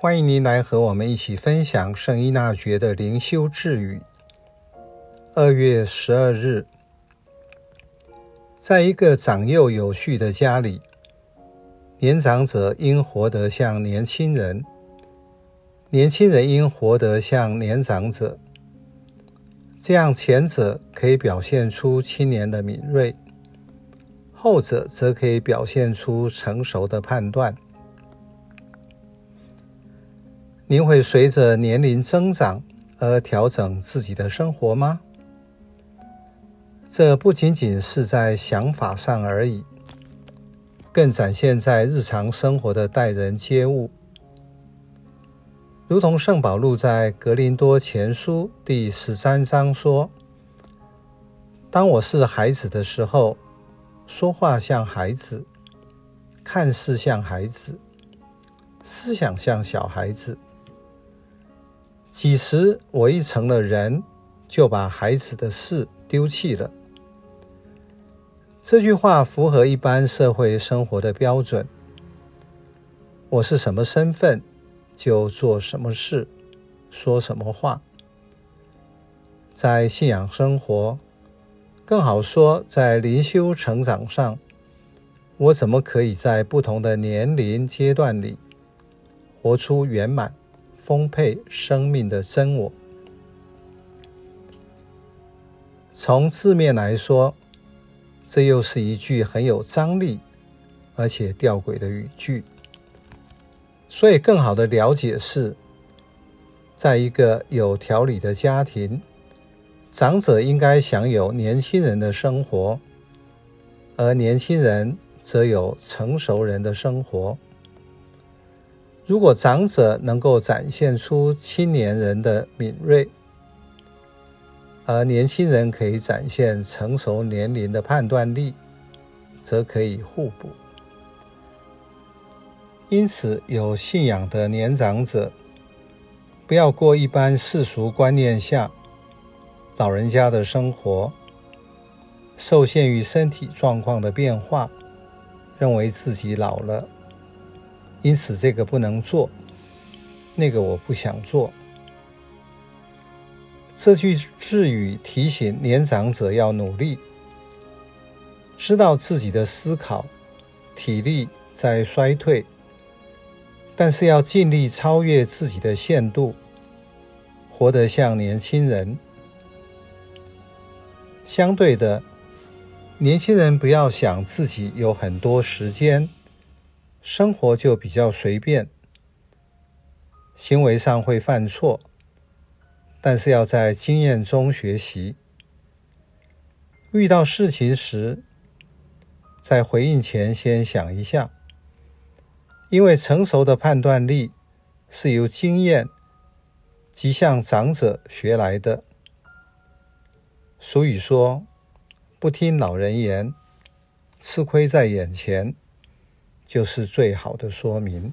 歡迎您來和我們一起分享聖依納爵的靈修智語。二月十二日，在一個長幼有序的家裡，年長者應活得像年輕人，年輕人應活得像年長者。這樣，前者可以表現出青年的敏銳，後者則可以表現出成熟的判斷。您會隨着年齡增長而調整自己的生活嗎？這不僅僅是在想法上而已，更展現在日常生活的待人接物。如同聖保祿在格林多前書第十三章說：“當我是孩子的時候，說話像孩子，看事像孩子，思想像小孩子。幾時我一成了人，就把孩子的事丟棄了。”這句話符合一般社會生活的標準。我是什麼身份？就做什麼事，說什麼話，在信仰生活，更好說在靈修成長上，我怎麼可以在不同的年齡階段裡，活出圓滿豐沛生命的真我？從字面來說，這又是一句很有張力而且弔詭的語句。所以更好的了解是，在一個有條理的家庭，長者應該享有年輕人的生活，而年輕人則有成熟人的生活。如果長者能夠展現出青年人的敏銳，而年輕人可以展現成熟年齡的判斷力，則可以互補。因此，有信仰的年長者不要過一般世俗觀念下老人家的生活，受限於身體狀況的變化，認為自己老了，因此這個不能做，那個我不想做。這句智語提醒年長者要努力，知道自己的思考，體力在衰退。但是要盡力超越自己的限度，活得像年輕人。相對的，年輕人不要想自己有很多時間，生活就比較隨便，行為上會犯錯。但是要在經驗中學習，遇到事情時，在回應前先想一下。因為成熟的判斷力是由經驗及向長者學來的。所以說，不聽老人言，吃虧在眼前，就是最好的說明。